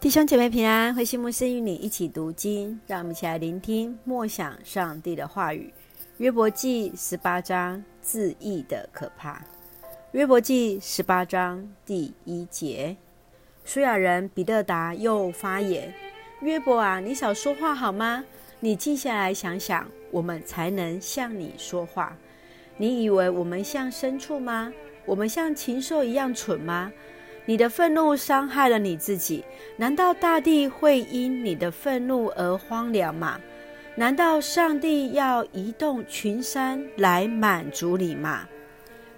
弟兄姐妹平安，歡迎慧馨牧師與你一起讀經，讓我們一起來聆聽默想上帝的話語。約伯記十八章，自義的可怕。約伯記十八章第一節，書亞人比勒達又發言：“約伯啊，你少說話好嗎？你靜下來想想，我們才能向你說話。你以為我們像牲畜嗎？我們像禽獸一樣蠢嗎？”你的憤怒傷害了你自己，難道大地會因你的憤怒而荒涼嗎？難道上帝要移動群山來滿足你嗎？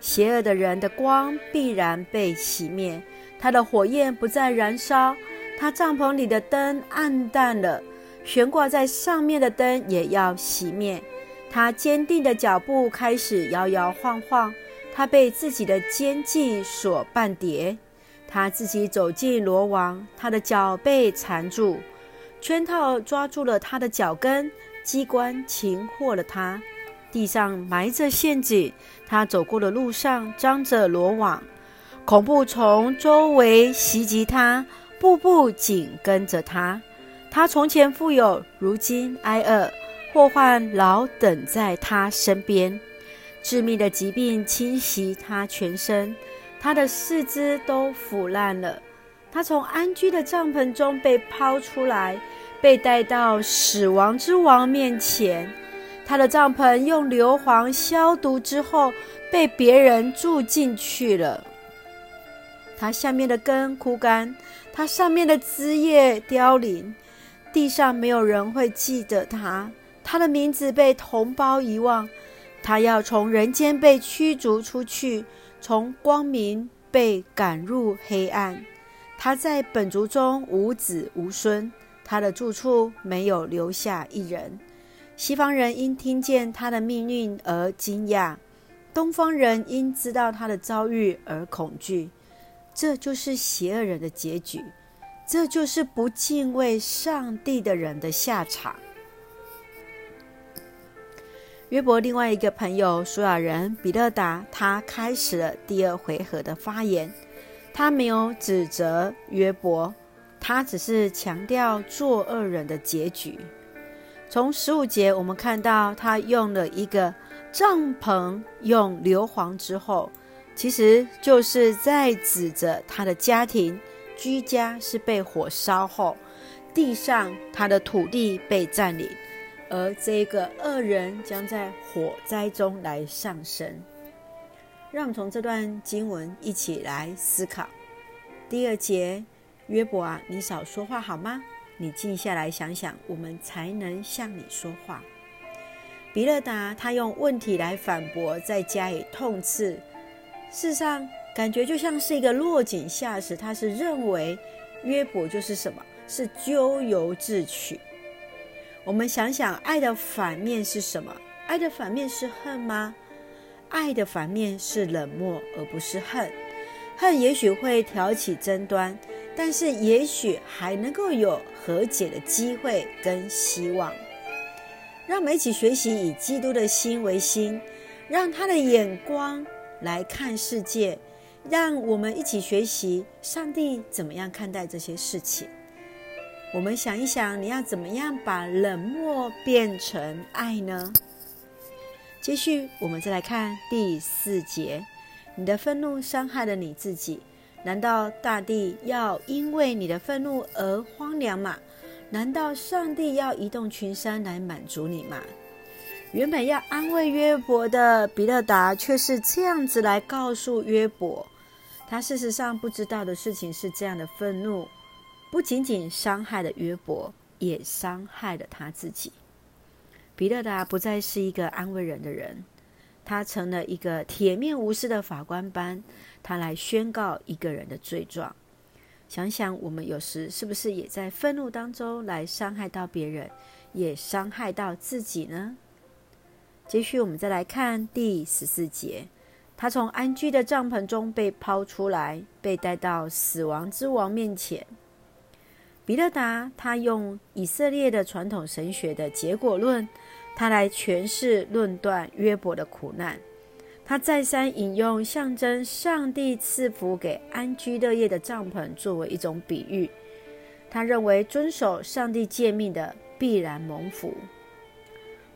邪惡的人的光必然被熄滅，他的火焰不再燃燒，他帳篷裡的燈暗淡了，懸掛在上面的燈也要熄滅。他堅定的腳步開始搖搖晃晃，他被自己的奸計所絆跌。他自己走進羅網，他的腳被纏住，圈套抓住了他的腳跟，機關擒獲了他。地上埋着陷阱，他走過的路上張着羅網，恐怖從周圍襲擊他，步步緊跟着他。他從前富有，如今挨餓，禍患老等在他身邊，致命的疾病侵襲他全身。他的四肢都腐爛了，他從安居的帳篷中被拋出來，被帶到死亡之王面前。他的帳篷用硫磺消毒之後，被別人住進去了。他下面的根枯乾，他上面的枝葉凋零，地上沒有人會記得他，他的名字被同胞遺忘，他要從人間被驅逐出去，從光明被趕入黑暗，他在本族中無子無孫，他的住處沒有留下一人。西方人因聽見他的命運而驚訝，東方人因知道他的遭遇而恐懼。這就是邪惡人的結局，這就是不敬畏上帝的人的下場。約伯另外一個朋友書亞人比勒達，他開始了第二回合的發言。他沒有指責約伯，他只是強調作惡人的結局。從十五節我們看到，他用了一個帳篷用硫磺之後，其實就是在指責他的家庭居家是被火燒後，地上他的土地被占領。而這個惡人將在火災中來喪生，讓我們從這段經文一起來思考。第二節，約伯啊，你少說話好嗎？你靜下來想想，我們才能向你說話。比勒達他用問題來反駁，再加以痛斥，事實上感覺就像是一個落井下石。他是認為約伯就是什麼？是咎由自取。我們想想，愛的反面是什麼？愛的反面是恨嗎？愛的反面是冷漠，而不是恨。恨也許會挑起爭端，但是也許還能夠有和解的機會跟希望。讓我們一起學習以基督的心為心，讓他的眼光來看世界。讓我們一起學習上帝怎麼樣看待這些事情。我們想一想，你要怎麼樣把冷漠變成愛呢？繼續，我們再來看第四節。你的憤怒傷害了你自己，難道大地要因為你的憤怒而荒涼嗎？難道上帝要移動群山來滿足你嗎？原本要安慰約伯的比勒達，卻是這樣子來告訴約伯，他事實上不知道的事情是這樣的憤怒。不僅僅傷害了約伯，也傷害了他自己。比勒達不再是一個安慰人的人，他成了一個鐵面無私的法官般，他來宣告一個人的罪狀。想想，我們有時是不是也在憤怒當中來傷害到別人，也傷害到自己呢？接續，我們再來看第十四節，他從安居的帳篷中被拋出來，被帶到死亡之王面前。比勒達他用以色列的傳統神學的結果論，他來詮釋論斷約伯的苦難。他再三引用象徵上帝賜福給安居樂業的帳篷作為一種比喻。他認為遵守上帝誡命的必然蒙福。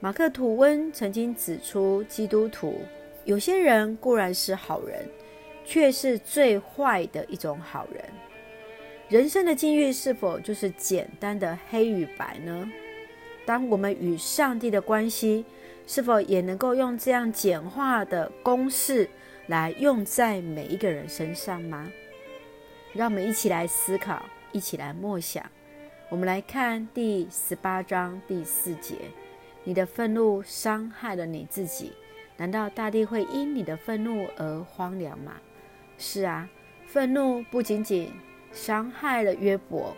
馬克·吐溫曾經指出，基督徒有些人固然是好人，卻是最壞的一種好人。人生的境遇是否就是簡單的黑與白呢？當我們與上帝的關係，是否也能夠用這樣簡化的公式來用在每一個人身上嗎？讓我們一起來思考，一起來默想。我們來看第十八章第四節：你的憤怒傷害了你自己，難道大地會因你的憤怒而荒涼嗎？是啊，憤怒不僅僅……傷害了約伯，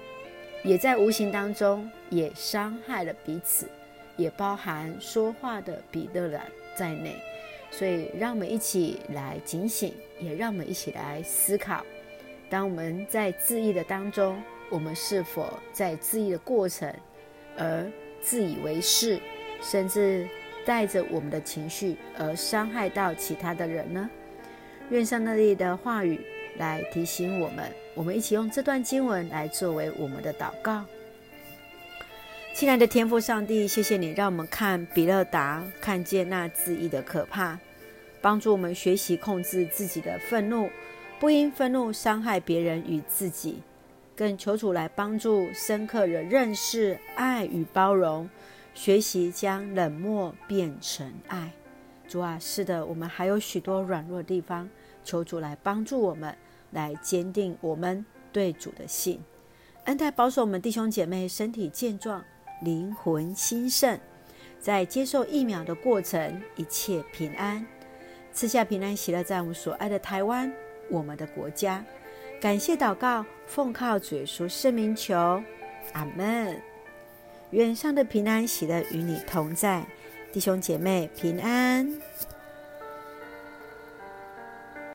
也在無形當中也傷害了彼此，也包含說話的比勒達在內。所以，讓我們一起來警醒，也讓我們一起來思考：當我們在自義的當中，我們是否在自義的過程而自以為是，甚至帶着我們的情緒而傷害到其他的人呢？願上帝的話語來提醒我們。我們一起用這段經文來作為我們的禱告。親愛的天父上帝，謝謝你讓我們看比勒達看見那自義的可怕，幫助我們學習控制自己的憤怒，不因憤怒傷害別人與自己。更求主來幫助深刻的認識愛與包容，學習將冷漠變成愛。主啊，是的，我們還有許多軟弱的地方，求主來幫助我們。來堅定我們對主的信，恩待保守我們弟兄姐妹身體健壯，靈魂興盛，在接受疫苗的過程一切平安，賜下平安喜樂，在我們所愛的台灣，我們的國家，感謝禱告，奉靠主耶穌聖名求，阿門。願上的平安喜樂與你同在，弟兄姐妹平安。